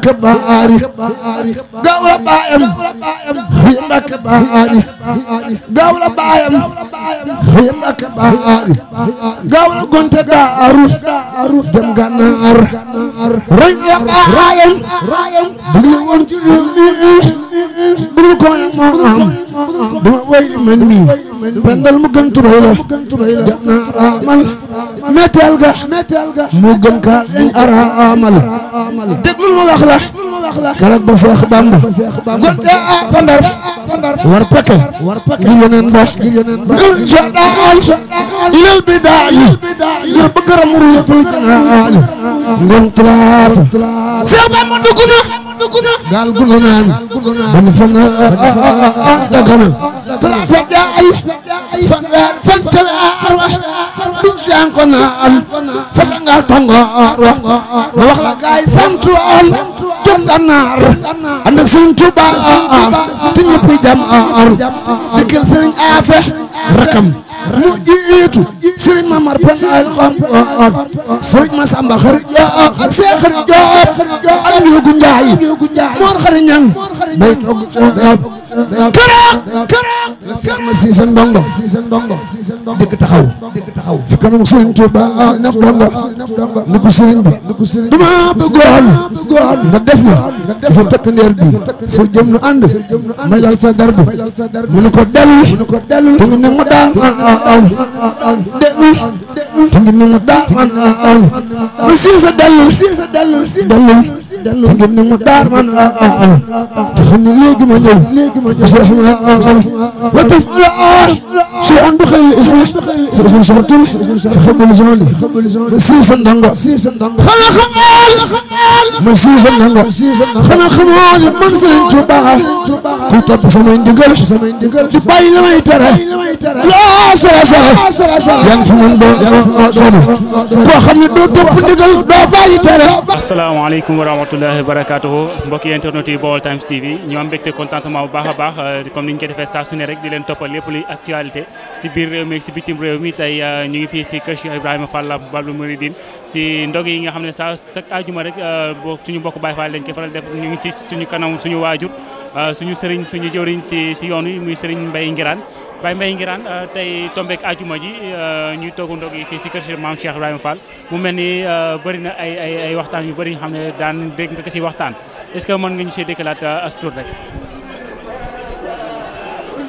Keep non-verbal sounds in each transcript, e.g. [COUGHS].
Mbàkke baari gaaw la baayam fi Mbàkke baari gaaw la baayam fi Mbàkke baari gaaw la gonte daaru dem Gànnaar roy la baayam bugli woon ci réew mi bugli ko nag moo am duma woy li man mii pendal mu gën tubay la jana araamal metteel ga mu gën ka ñu araamal déglul ma wax la keroog Seex Bamba gonte a fandar war peke ngir yeneen ba ngir sodaal ilal bi daali ngir bëgg ramuru yëful janaali ngon tulaata Seex Bamba dugg na gaal gu nu naan ban fan dagana talaata jaay fanweer fan teweer wax duñ siyaan ko naan fasangaar tongoor wax ma wax la gaay sant woon jom gannaar ànd ak Sëriñ Tuubaa te ñëpp jam ar dikkal Sëriñ Afe rakam mu jiitu sëriñ Mamar Penda al xam ak sëriñ Masamba xarit Joob ak Seex xarit Joob ak Njuugu Njaay Moor xarit Ñang bay togg togg togg Soxna Cissé Ndongo dëgg taxaw dëgg taxaw fi kanam Serigne Touba dongo ni ko Serigne bi dama bëggoon nga def ma sa takk ndeer bi foo jëm nu ànd ma yal sa dar bi mu ne ko dellu te ngi ne ma daa an an dellu te dellu ngeen ni mu daar man ah ah ah te xam ne léegi ma ñëw léegi ma ñëw bisimilah wa tafala ah si andu xel islam حزب شرطي فحب الجنون مسيس الدنغا خلا خمال مسيس الدنغا خلا خمال منزل جبا كنت بسمين دقل دباي لما يترى لا سرا سرا يان فمن دو سونو كو خامي دو توب دقل دو باي ترى السلام عليكم ورحمه الله وبركاته mbokk internet yi Baol Times TV ñu am mbégte contentement bu baax a baax comme ni ñu ko defee saa su ne rek di leen toppal lépp luy actualité ci biir réew mi ci bitim réew mi tey tey euh, ñu ngi fii si kër Cheikh Ibrahima balu Babul Mouridine si ndog yi nga xam ne sa sa àjjuma rek euh, suñu mbokk Baye Fall lañ koy faral def ñu ngi si suñu kanam suñu waajur euh, suñu sëriñ suñu jëwriñ si si yoon yi muy sëriñ mbay Ngiraan Baye mbay Ngiraan tey tombeek ajuma ji ñuy togg ndog yi fii si kër Cheikh Maam Cheikh Ibrahima Fall mu mel ni bëri na ay ay waxtaan yu bëri nga xam ne daan dégg nga ko si waxtaan est-ce que mën nga ñu see dékkalaat as tuut rek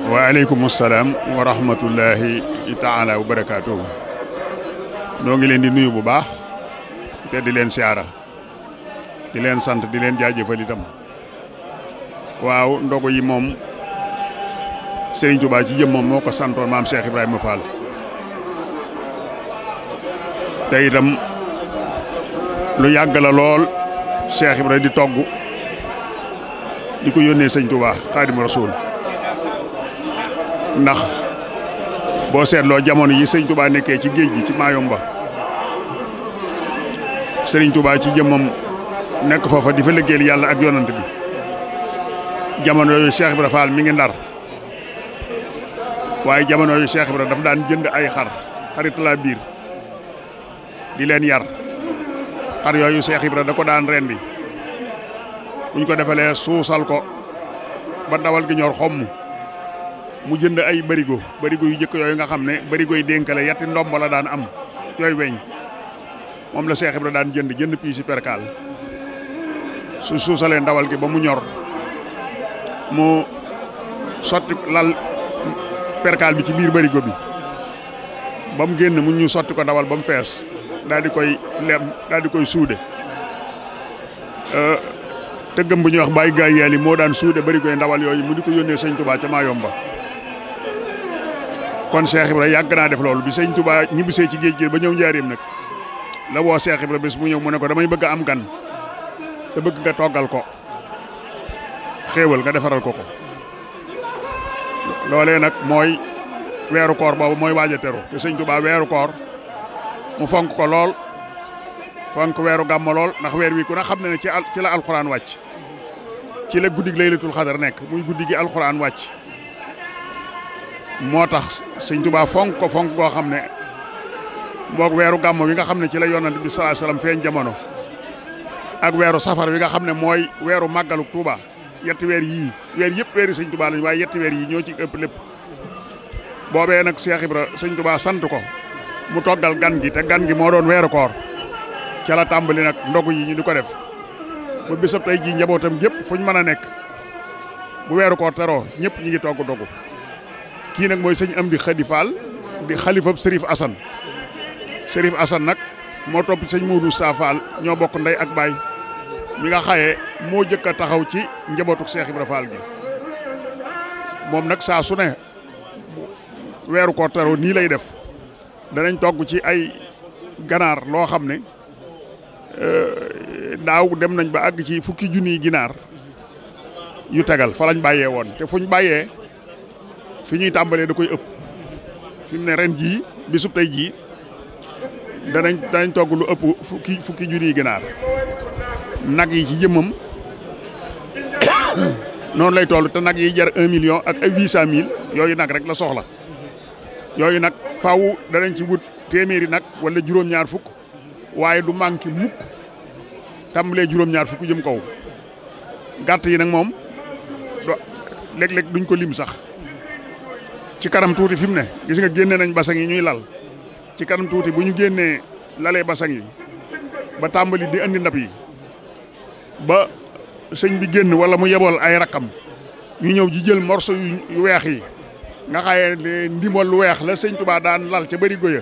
waaleykum salaam wa rahmatullahi taala wa barakaatuhu ngi leen di nuyu bu baax te di leen siyaara di leen sant di leen jaajëfal itam waaw ndogu yi moom Serigne Touba ci jëm moom moo ko santoon maam Cheikh Ibrahima Fall te itam lu yàgg la lool Cheikh Ibrahima di togg di ko yónnee Serigne Touba Xaadimu Rasuul ndax boo seetloo jamono yi sëñ Touba nekkee ci géej gi ci Mayumba sëriñ Touba ci jëmmam nekk foofa di fa liggéeyal yàlla ak yonant bi jamono yooyu Cheikh Ibra Fall mi ngi ndar waaye jamono yu bi Ibra dafa daan jënd ay xar xarit la biir di leen yar xar yooyu Cheikh Ibra da ko daan rendi buñ ko defalee suusal ko ba dawal gi ñor xomm mu jënd ay bërigo barigo yu njëkk yooyu nga xam ne barigo yi dénkale yatti ndomba la daan am yooyu weñ moom la bi la daan jënd jënd pii si perkaal su suusalee ndawal gi ba mu ñor mu sotti lal perkaal bi ci biir barigo bi ba mu génn mu ñu sotti ko ndawal ba mu fees daal di koy lem dal di koy suude tëggam bu ñuy wax bàyyi gaay yàlla moo daan suude bërigoy ndawal yooyu mu di ko yónnee sëñ Tuubaa ca Maayomba kon Cheikh Ibra yàgg naa def loolu bi sëñ Touba ñibbisee ci géej gi ba ñëw njaareem nag la woo Cheikh Ibra bés mu ñëw mu ne ko damay bëgg am gan te bëgg nga toggal ko xéewal nga defaral ko ko loolee nag mooy weeru koor boobu mooy waaj a teru te sëñ baa weeru koor mu fonk ko lool fonk weeru gàmmu lool ndax weer wi ku ne xam na ne ci la alxuraan wàcc ci la guddig laylatul xadar nekk muy guddi gi alxuraan wàcc. moo tax sëñ Tuubaa fonk ko fonk koo xam ne moog weeru gàmmo wi nga xam ne ci la yonent bi sallallahu alayhi feeñ jamono ak weeru safar wi nga xam ne mooy weeru màggalu Tuubaa yetti weer yii weer yëpp weeri sëñ Tuubaa lañ waaye yetti weer yii ñoo ci ëpp lépp boobee nag Cheikh Ibra sëñ Tuubaa sant ko mu toggal gan gi te gan gi moo doon weeru koor ca la tàmbali nag ndogu yi ñu di ko def ba bisab tey jii njabootam gépp fu ñu mën a nekk bu weeru koor teroo ñëpp ñi ngi togg dogu kii nag mooy sëñ Amdi Khady Fall di xalifab Serif Assane Serif Assane nag moo topp sëñ Modou Safal ñoo bokk ndey ak baay mi nga xayee moo jëkk a taxaw ci njabootu Cheikh Ibra Fall gi moom nag saa su ne weeru koor taroo nii lay def danañ togg ci ay ganaar loo xam ne eh, daaw dem nañ ba agg ci fukki junniy ginaar yu tegal fa lañ bàyyee woon te fuñ bàyyee. fi ñuy tàmbalee da koy ëpp fi mu ne ren jii bisub tey jii danañ danañ togg lu ëpp fukki fukki junniy ginaar nag yi ci jëmmam [COUGHS] noonu lay toll te nag yi jar un million ak ay huit cent mille yooyu nag rek la soxla yooyu nag faaw danañ ci wut téeméeri nag wala juróom-ñaar fukk waaye du manqué mukk tàmbalee juróom-ñaar fukk jëm kaw gàtt yi nag moom do léeg-léeg duñ ko lim sax. ci kanam tuuti fi mu ne gis nga génne nañ basang yi ñuy lal ci kanam tuuti bu ñu génnee lalee basang yi ba tàmbali di andi ndab yi ba sëñ bi génn wala mu yebool ay rakam ñu ñëw ji jël morso yu weex yi nga xaye ne ndimbal weex la sëñ Tuubaa daan lal ca bëri goya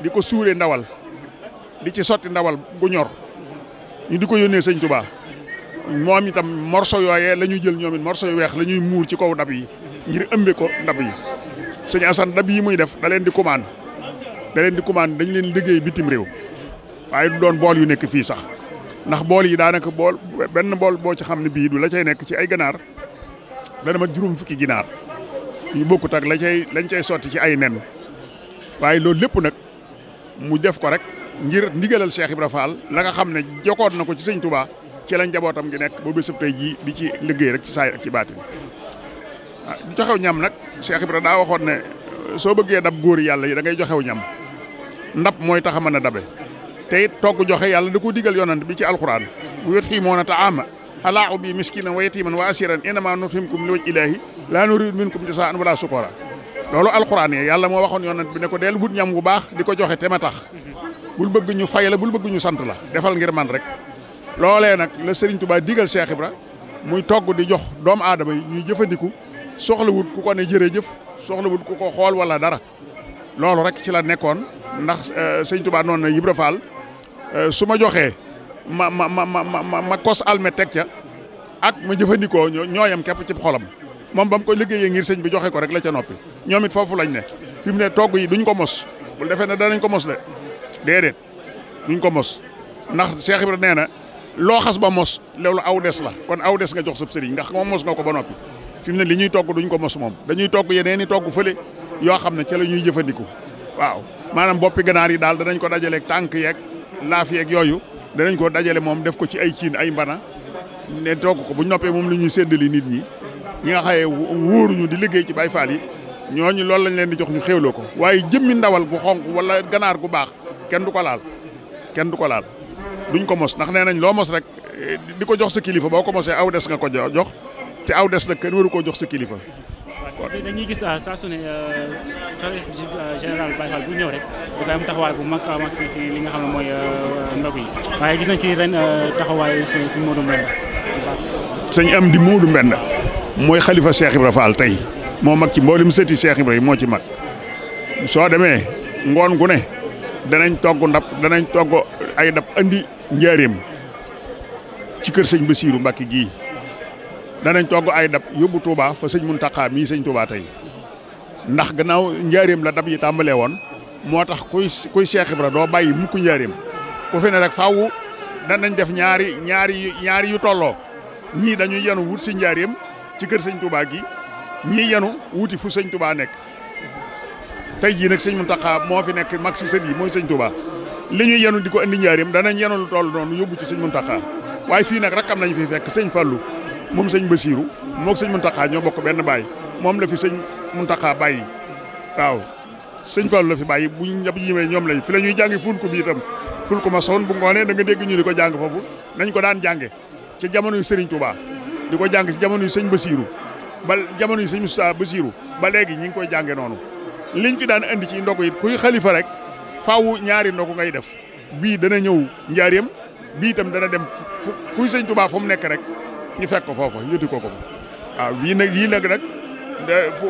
di ko suuree ndawal di ci sotti ndawal gu ñor ñu di ko yónnee sëñ Tuubaa moom itam morso yooyee la ñuy jël ñoom morso yu weex la ñuy muur ci kaw ndab yi ngir ëmbe ko ndab yi sëñ Assane dab yi muy def da di commande da di commande dañ leen liggéey bitim réew waaye du doon bool yu nekk fii sax ndax bool yi daanaka bool benn bool boo ci xam ne bii du la cay nekk ci ay ganaar dana mat juróom fukki ginaar yu bokkut ak la cay lañ cay sotti ci ay nen waaye loolu lépp nag mu def ko rek ngir ndigalal Cheikh Ibra Fall la nga xam ne jokoot na ko ci sëñ Touba ci la jabootam gi nekk ba bésub tey jii di ci liggéey rek ci saay ak ci baatin du joxew ñam nag Cheikh Ibra daa waxoon ne soo bëggee dab góor yàlla yi da ngay joxew ñam ndab mooy tax a mën a dabe te it togg joxe yàlla da ko digal yonant bi ci alxuraan bu yot xii moona ta ama alaa ubi miskinan wa yatiman wa asiran inama nutimkum li waj ilaahi laa nuridu minkum jasaan wala sukora loolu alxuraan yi yàlla moo waxoon yonant bi ne ko del wut ñam bu baax di ko joxe te ma tax bul bëgg ñu fay la bul bëgg sant la defal ngir man rek loolee nag la Serigne Touba digal Cheikh Ibra muy togg di jox doomu aadama yi ñuy jëfandiku soxlawut ku ko ne jërëjëf soxlawut ku ko xool wala dara loolu rek ci la nekkoon ndax euh, sëñ Tuubaa noon na Ibra Faal euh, su ma joxee ma ma ma ma ma kos almet teg ca ak ma jëfandikoo ñoo yam képp ci xolam moom ba mu ko liggéeyee ngir sëñ bi joxe ko rek la ca noppi ñoomit it foofu lañ ne fi mu ne togg yi duñ ko mos bul defee ne danañ ko mos de déedéet duñ ko mos ndax Cheikh Ibra nee na loo xas ba mos loolu aw des la kon aw des nga jox sab sëriñ ndax moom mos nga ko ba noppi fi mu ne li ñuy togg duñ ko mos moom dañuy togg yeneen i togg fële yoo xam ne ca la ñuy jëfandiku waaw maanaam boppi ganaar yi daal danañ ko dajaleeg tànk yeeg laaf yeeg yooyu danañ ko dajale moom def ko ci ay ciin ay mbana ne togg ko bu ñu noppee moom la ñuy séddali nit ñi ñi nga xaye ñu di liggéey ci bay Faal yi ñooñu loolu lañ leen di jox ñu xéwloo ko waaye jëmmi ndawal bu xonq wala ganaar gu baax kenn du ko laal kenn du ko laal duñ ko mos ndax nee nañ loo mos rek eh, di ko jox sa kilifa boo ko aw des nga ko jox te aw des nag koo jox sa kilifa. kon gis ah, saa su euh, euh, bu ñëw rek am taxawaay bu mag a li nga xam ne mooy euh, ndog ci ren taxawaayu sëñ am di Modou Mbenda mooy xalifa Cheikh Ibra Fall tey moo mag ci mboolem sëti Cheikh Ibra yi moo ci mag soo demee ngoon gu ne danañ togg ndab danañ togg ay ndab andi njaareem ci kër sëñ Bassirou Mbacke gii. danañ togg ay dab yóbbu Touba fa sëñ Mountakha mii sëñ Touba tey ndax gannaaw njaareem la dab yi tàmbalee woon moo tax kuy kuy Cheikh Ibra doo bàyyi mukk njaareem ku fi ne rek faaw danañ def ñaari ñaari ñaari yu tolloo ñii dañuy yenu wut si njaareem ci kër sëñ Touba gi ñii yenu wuti fu sëñ Touba nekk tey jii nag sëñ Mountakha moo fi nekk mag si sët yi mooy sëñ Touba li ñuy yenu di ko indi njaareem danañ yenu lu toll noonu yóbbu ci sëñ Mountakha waaye fii nag rakkam nañ fi fekk sëñ Fallou moom sëñ Basiiru moog sëñ Muntaxaa ñoo bokk benn baay moom la fi sëñ Muntaxaa bàyyi waaw sëñ Fallu la fi bàyyi bu ñëpp ñëwee ñoom lañ fi la ñuy jàngi fun ko bi itam ful ko ma soon bu ngoonee da nga dégg ñu di ko jàng foofu nañ ko daan jànge ci jamono yu Serigne Touba di ko jàng ci jamono yi sëñ Basiiru ba jamono yu sëñ Moussa Basiiru ba léegi ñi ngi koy jànge noonu liñ fi daan andi ci ndogu it kuy kalifa rek faaw ñaari ndogu ngay def bii dana ñëw njaareem bii itam dana dem fu kuy sëñ Touba mu nekk rek ñu fekk ko foofa yëti ko ko waaw yii nag yii nag nag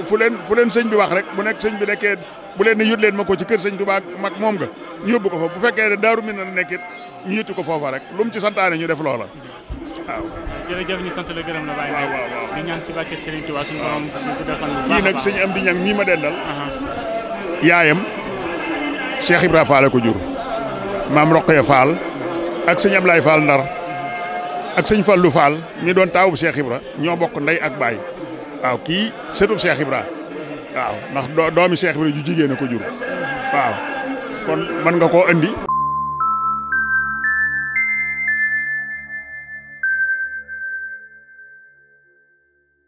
fu leen fu leen sëñ bi wax rek bu nekk sëñ bi nekkee bu leen ne yët leen ma ko ci kër sëñ Tuubaa mag moom nga ñu yóbbu ko fa bu fekkee ne daaru mi na nekkit ñu yëti ko foofa rek lu mu ci santaane ñu def loola waaw. la gërëm la Baye Ndiaye. waaw waaw di ñaan ci bàcceeg Serigne Touba suñu borom ñu ko nag sëñ am bi ñang mii ma dendal. yaayam Cheikh Ibra Fall ko jur. maam Roqee Fall ak sëñ Ablaye faal Ndar. ak sëñ Fallou Fall mi doon taawub Cheikh Ibra ñoo bokk ndey ak baay waaw kii setu Cheikh Ibra waaw ndax doomi Cheikh Ibra ju jigéen a ko jur waaw kon mën nga koo andi